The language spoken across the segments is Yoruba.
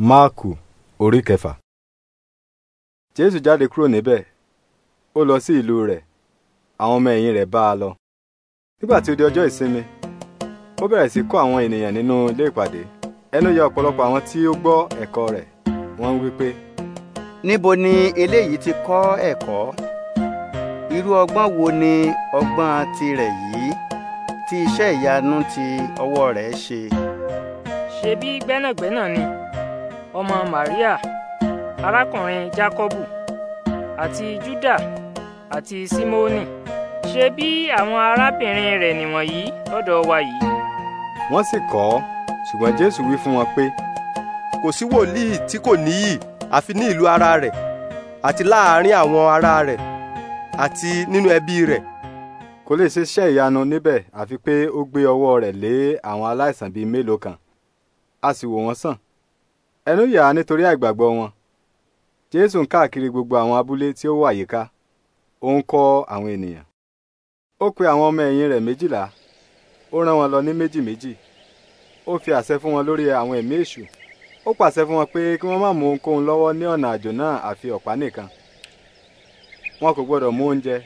máàkù orí kẹfà. jésù jáde kúrò níbẹ̀ ó lọ sí ìlú rẹ̀ àwọn ọmọ ẹ̀yìn rẹ̀ bá a lọ. nígbà tí ó di ọjọ́ ìsinmi ó bẹ̀rẹ̀ sí kọ́ àwọn ènìyàn nínú ilé ìpàdé ẹnu yà ọ̀pọ̀lọpọ̀ àwọn tí ó gbọ́ ẹ̀kọ́ rẹ̀ wọ́n wí pé. níbo ni eléyìí ti kọ́ ẹ̀kọ́ irú ọgbọ́n wo ni ọgbọ́n tirẹ̀ yìí tí iṣẹ́ ìyanu ti ọwọ́ rẹ̀ ṣe. ṣebí gbẹ́nàgbẹ́nà ni ọmọ Maria, arákùnrin Jacobu, àti Júdà àti Simoni, ṣe bí àwọn arábìnrin rẹ̀ nìwọ̀nyí lọ́dọ̀ wa yìí. wọ́n sì kọ̀ ọ́ ṣùgbọ́n Jésù wí fún wọn pé. kò sí wòlíì tí kò níyì àfi ní ìlú ara rẹ̀ àti láàárín àwọn ará rẹ̀ àti nínú ẹbí rẹ̀ kò lè ṣe iṣẹ́ ìyanu níbẹ̀ àfi pé ó gbé ọwọ́ rẹ̀ lé àwọn aláìsàn bíi mélòó kan a sì wò wọ́n sàn ẹnu yà á nítorí àìgbàgbọ́ wọn jésù ń káàkiri gbogbo àwọn abúlé tí ó wà yíká ó ń kọ́ àwọn ènìyàn ó pe àwọn ọmọ ẹ̀yìn rẹ̀ méjìlá ó rán wọn lọ ní méjì méjì ó fi àṣẹ fún wọn lórí àwọn ẹ̀mí èṣù ó pàṣẹ fún wọn pé kí wọ́n má mú ohunkóhun lọ́wọ́ ní ọ̀nà àjò náà àfi ọ̀pá nìkan wọn kò gbọdọ̀ mú oúnjẹ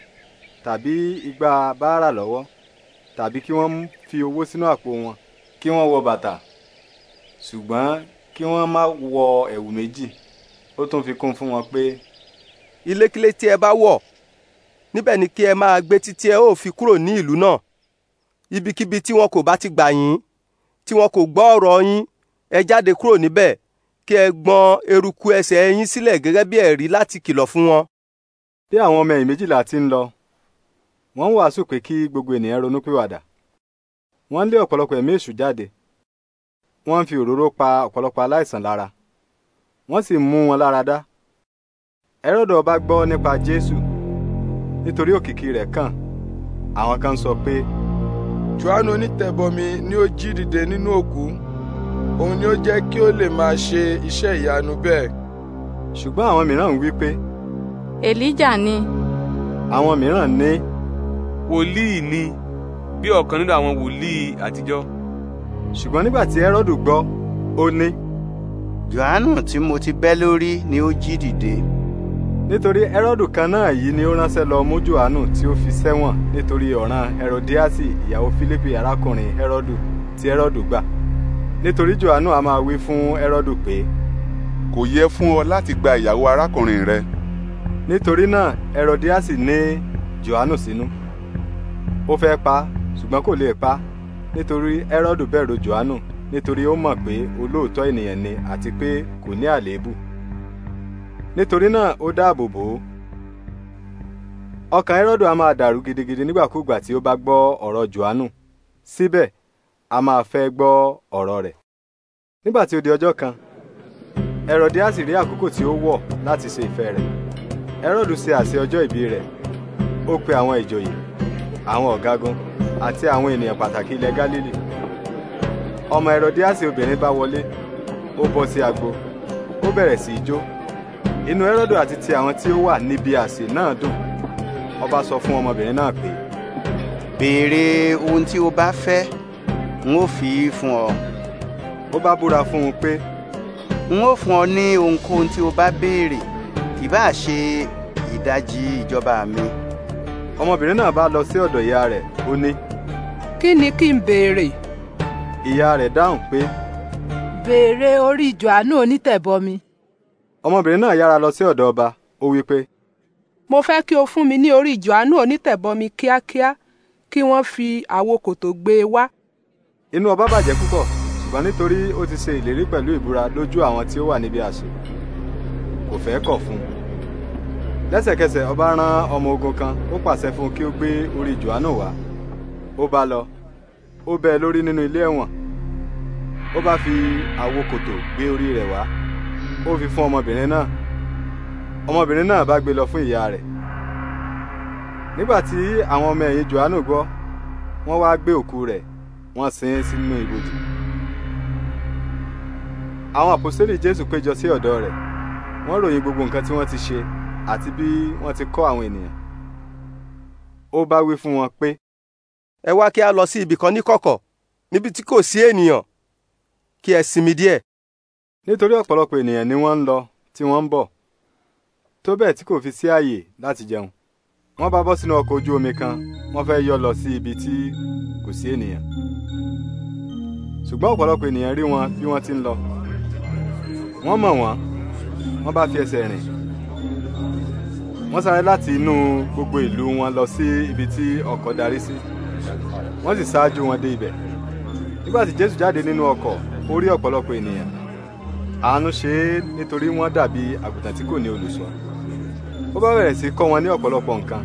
tàbí igba báárà lọ́wọ́ tàbí kí wọ́n fi owó sínú àpò wọn kí wọ́n wọ bàtà ṣùgbọ́n kí wọ́n má wọ ẹ̀wù méjì ó tún fi kún fún wọn pé. ilékílé tí ẹ bá wọ̀ níbẹ̀ ni kí ẹ máa gbé títí ẹ ó fi kúrò ní ìlú náà ibikíbi tí wọn kò bá ti gbà yín tí wọn kò gbọ́ ọ̀rọ̀ yín ẹ jáde kúrò níbẹ̀ kí ẹ gbọn eruku ẹsẹ̀ yín sílẹ̀ gẹ́gẹ́ bí ẹ̀rí láti kìlọ̀ fún wọn. bí àwọn ọmọ ẹ̀yìn méjìlá ti ń lọ wọ́n ń wàásù pé kí gbogbo ènìyàn ronú pìwàdà wọ́n lé ọ̀pọ̀lọpọ̀ ẹ̀mí èṣù jáde wọ́n ń fi òróró pa ọ̀pọ̀lọpọ̀ aláìsàn lára wọ́n sì mú wọn lára dá Hẹ́rọ́dọ̀ ọba gbọ́ nípa Jésù nítorí òkìkí rẹ̀ kàn àwọn kan sọ pé. Jòhánù onítẹ̀bọmi ni ó jí dìde nínú òkú òun ni ó jẹ́ kí ó lè máa ṣe iṣẹ́ ìyanu bẹ́ẹ̀. ṣùgbọ́n àwọn mìíràn ń wí pé. Èlíjà ni. àwọn mìíràn ní. wòlíì ni bí ọ̀kan nínú àwọn wòlíì àtijọ́ ṣùgbọ́n nígbà tí Hẹ́rọ́dù gbọ́ ó ní. Jòhánù tí mo ti bẹ́ lórí ni ó jí dìde. nítorí Hẹ́rọ́dù kan náà yìí ni ó ránṣẹ́ lọ mú Jòhánù tí ó fi sẹ́wọ̀n nítorí ọ̀ràn Herodiasi ìyàwó Fílípì arákùnrin Hẹ́rọ́dù tí Hẹ́rọ́dù gbà nítorí Jòhánù a máa wí fún Hẹ́rọ́dù pé. kò yẹ fún ọ láti gba ìyàwó arákùnrin rẹ. nítorí náà Herodiasi ní Jòhánù sínú ó fẹ́ pa ṣùgbọ́n kò lè pa á nítorí Hẹ́rọ́dù bẹ̀rù Jòhánù nítorí ó mọ̀ pé olóòótọ́ ènìyàn ni àti pé kò ní àléébù nítorí náà ó dáàbò bò ó ọkàn Hẹ́rọ́dù a máa dàrú gidigidi nígbàkúgbà tí ó bá gbọ́ ọ̀rọ̀ Jòhánù síbẹ̀ a máa fẹ́ gbọ́ ọ̀rọ̀ rẹ̀ nígbà tí ó di ọjọ́ kan Hẹ́rọ́díásì rí àkókò tí ó wọ̀ láti ṣe ìfẹ́ rẹ̀ Hẹ́rọ́dù ṣe àsè ọjọ́ ìbí rẹ̀ ó pe àwọn ìjòyè àwọn ọ̀gágun àti àwọn ènìyàn pàtàkì ilẹ̀ Gálílì ọmọ Hẹ́rọ́díásì obìnrin bá wọlé ó bọ́ sí agbo ó bẹ̀rẹ̀ sí í jó inú Hẹ́rọ́dù àti ti àwọn tí ó wà níbi àsè náà dùn ọba sọ fún ọmọbìnrin náà pé. béèrè ohun tí o bá fẹ́ n ó fi í fún ọ. ó bá búra fún un pé. n ó fún ọ ní ohunkóhun tí o bá béèrè ìbáà ṣe ìdajì ìjọba mi ọmọbìnrin náà bá lọ sí ọ̀dọ̀ ìyá rẹ̀ ó ní. kí ni kí n béèrè. ìyá rẹ̀ dáhùn pé. béèrè orí Jòhánù onítẹ̀bọmi. ọmọbìnrin náà yára lọ sí ọ̀dọ̀ ọba ó wí pé. mo fẹ́ kí o fún mi ní orí Jòhánù onítẹ̀bọmi kíákíá kí wọ́n fi àwo kòtò gbé e wá. inú ọba bàjẹ́ púpọ̀ ṣùgbọ́n nítorí ó ti ṣe ìlérí pẹ̀lú ìbúra lójú àwọn tí ó wà níbi àṣẹ kò fẹ́ kọ̀ fún un lẹ́sẹ̀kẹsẹ̀ ọba rán ọmọ ogun kan ó pàṣẹ fún un kí ó gbé orí Jòhánù wá ó bá lọ ó bẹ́ lórí nínú ilé ẹ̀wọ̀n ó bá fi àwo kòtò gbé orí rẹ̀ wá ó fi fún ọmọbìnrin náà ọmọbìnrin náà bá gbé lọ fún ìyá rẹ̀ nígbà tí àwọn ọmọ ẹ̀yìn Jòhánù gbọ́ wọ́n wá gbé òkú rẹ̀ wọ́n sin sínú ibojì àwọn àpòsílẹ̀ Jésù péjọ sí ọ̀dọ̀ rẹ̀ wọ́n ròyìn gbogbo nǹkan tí wọ́n ti ṣe àti bí wọ́n ti kọ́ àwọn ènìyàn. ó bá wí fún wọn pé. ẹ wá kí a lọ sí ibì kan níkọ̀kọ̀ níbi tí kò sí ènìyàn kí ẹ sinmi díẹ̀. nítorí ọ̀pọ̀lọpọ̀ ènìyàn ni wọ́n ń lọ tí wọ́n ń bọ̀ tó bẹ́ẹ̀ tí kò fi sí àyè láti jẹun wọ́n bá bọ́ sínú ọkọ̀ ojú omi kan wọ́n fẹ́ yọ lọ sí ibi tí kò sí ènìyàn ṣùgbọ́n ọ̀pọ̀lọpọ̀ ènìyàn rí wọn bí wọ́n ti ń lọ wọ́n mọ̀ wọ́n wọ́n bá fi ẹsẹ̀ rìn wọ́n sáré láti inú gbogbo ìlú wọn lọ sí ibi tí ọkọ̀ darí sí wọ́n sì ṣáájú wọn dé ibẹ̀ nígbà tí jésù jáde nínú ọkọ̀ ó rí ọ̀pọ̀lọpọ̀ ènìyàn àánú ṣe é nítorí wọ́n dàbí àgùntàn tí kò ní olùṣọ́ ó bá bẹ̀rẹ̀ sí kọ́ wọn ní ọ̀pọ̀lọpọ̀ nǹkan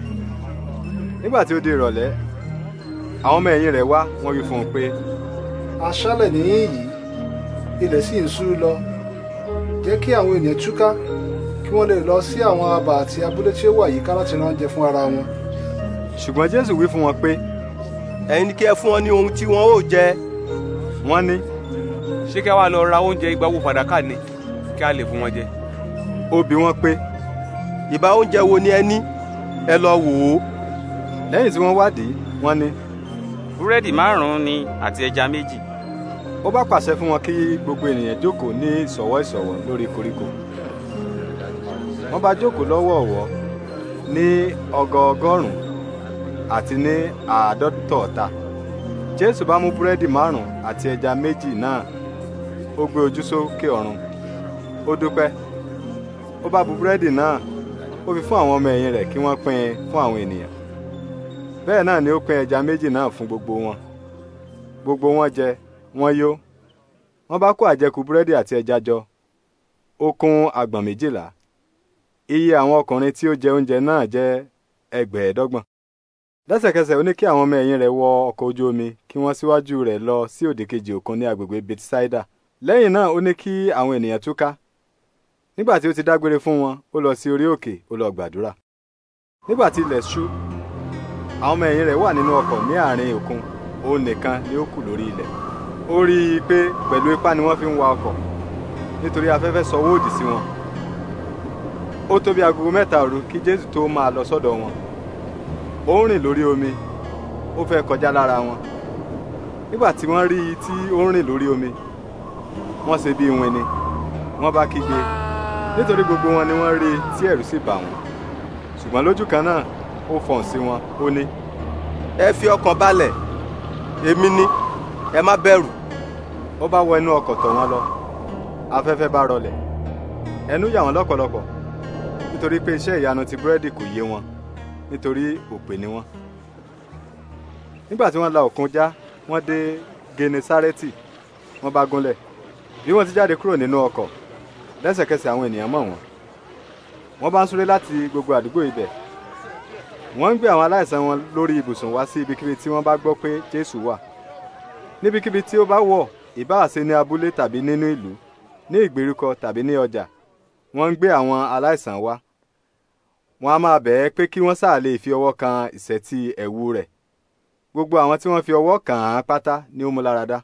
nígbà tí ó di ìrọ̀lẹ́ àwọn ọmọ ẹ̀yìn rẹ̀ wá wọ́n wí fún un pé. aṣálẹ̀ nìyí ilẹ̀ sì ń ṣú lọ jẹ́ kí àwọn ènìyàn túká kí wọ́n lè lọ sí àwọn abà àti abúlé tí ó wà yíká láti rán oúnjẹ fún ara wọn. ṣùgbọ́n jésù wí fún wọn pé ẹ̀yin ni kí ẹ fún wọn ní ohun tí wọn ó jẹ. wọ́n ní. ṣé kí a wá lọ ra oúnjẹ igbawo fàdákà ni kí a lè fún wọn jẹ. ó bi wọ́n pé ìbá oúnjẹ wo ni ẹ ní ẹ lọ wò ó. lẹ́yìn tí wọ́n wádìí wọ́n ní. búrẹ́dì márùn-ún ni àti ẹja méjì. ó bá pàṣẹ fún wọn kí gbogbo ènìyàn jókòó ní ìsọ̀wọ́ ìsọ̀wọ́ wọ́n bá jókòó lọ́wọ́ ọ̀wọ́ ní ọgọọgọ́rùn-ún àti ní àádọ́tọ̀ọ̀ta jésù bá mú búrẹ́dì márùn-ún àti ẹja méjì náà ó gbé ojú sókè ọ̀run ó dúpẹ́ ó bá bu búrẹ́dì náà ó fi fún àwọn ọmọ ẹ̀yìn rẹ̀ kí wọ́n pín in fún àwọn ènìyàn bẹ́ẹ̀ náà ni ó pín ẹja méjì náà fún gbogbo wọn gbogbo wọn jẹ wọ́n yó wọ́n bá kó àjẹkù búrẹ́dì àti ẹja jọ ó kún agbọ̀n méjìlá iye àwọn ọkùnrin tí ó jẹ oúnjẹ náà jẹ́ ẹgbẹ̀ẹ́dọ́gbọ̀n. lẹ́sẹ̀kẹsẹ̀ ó ní kí àwọn ọmọ ẹ̀yìn rẹ̀ wọ ọkọ̀ ojú omi kí wọ́n síwájú rẹ̀ lọ sí òdì kejì òkun ní agbègbè Bethsaida lẹ́yìn náà ó ní kí àwọn ènìyàn túká nígbà tí ó ti dágbére fún wọn ó lọ sí orí òkè ó lọ gbàdúrà nígbà tí ilẹ̀ ṣú àwọn ọmọ ẹ̀yìn rẹ̀ wà nínú ọkọ̀ ní àárín òkun òun nìkan ni ó kù lórí ilẹ̀ ó rí i pé pẹ̀lú ipá ni wọ́n fi ń wa ọkọ̀ nítorí afẹ́fẹ́ sọ wóòdì sí wọn ó tó bí agogo mẹ́ta òru kí jésù tó máa lọ sọ́dọ̀ wọn ó ń rìn lórí omi ó fẹ́ kọjá lára wọn nígbà tí wọ́n rí i tí ó ń rìn lórí omi wọ́n ṣe bí ìwìn ni wọ́n bá kígbe nítorí gbogbo wọn ni wọ́n rí i tí ẹ̀rù sì bà wọ́n ṣùgbọ́n lójú kan náà ó fọ̀n sí wọn ó ní. ẹ fi ọkàn balẹ̀ èmi ni ẹ má bẹ̀rù. ó bá wọ inú ọkọ̀ tọ̀ wọ́n lọ afẹ́fẹ́ bá rọlẹ̀ ẹnu yà wọ́n lọ́pọ̀lọpọ̀ nítorí pé iṣẹ́ ìyanu ti búrẹ́dì kò yé wọn nítorí òpè ni wọ́n. nígbà tí wọ́n la òkun já wọ́n dé genesareti wọ́n bá gúnlẹ̀ bí wọ́n ti jáde kúrò nínú ọkọ̀ lẹ́sẹ̀kẹsẹ̀ àwọn ènìyàn mọ̀ wọ́n wọ́n bá ń súré láti gbogbo àdúgbò ibẹ̀ wọ́n ń gbé àwọn aláìsàn wọn lórí ibùsùn wá sí ibikíbi tí wọ́n bá gbọ́ pé Jésù wà níbikíbi tí ó bá wọ̀ ìbáàṣe ní abúlé tàbí nínú ìlú ní ìgbèríko tàbí ní ọjà wọ́n ń gbé àwọn aláìsàn wá wọ́n á máa bẹ̀ẹ́ pé kí wọ́n sáà lè fi ọwọ́ kan ìṣẹ́tí ẹ̀wù rẹ̀ gbogbo àwọn tí wọ́n fi ọwọ́ kàn án pátá ni ó mú lára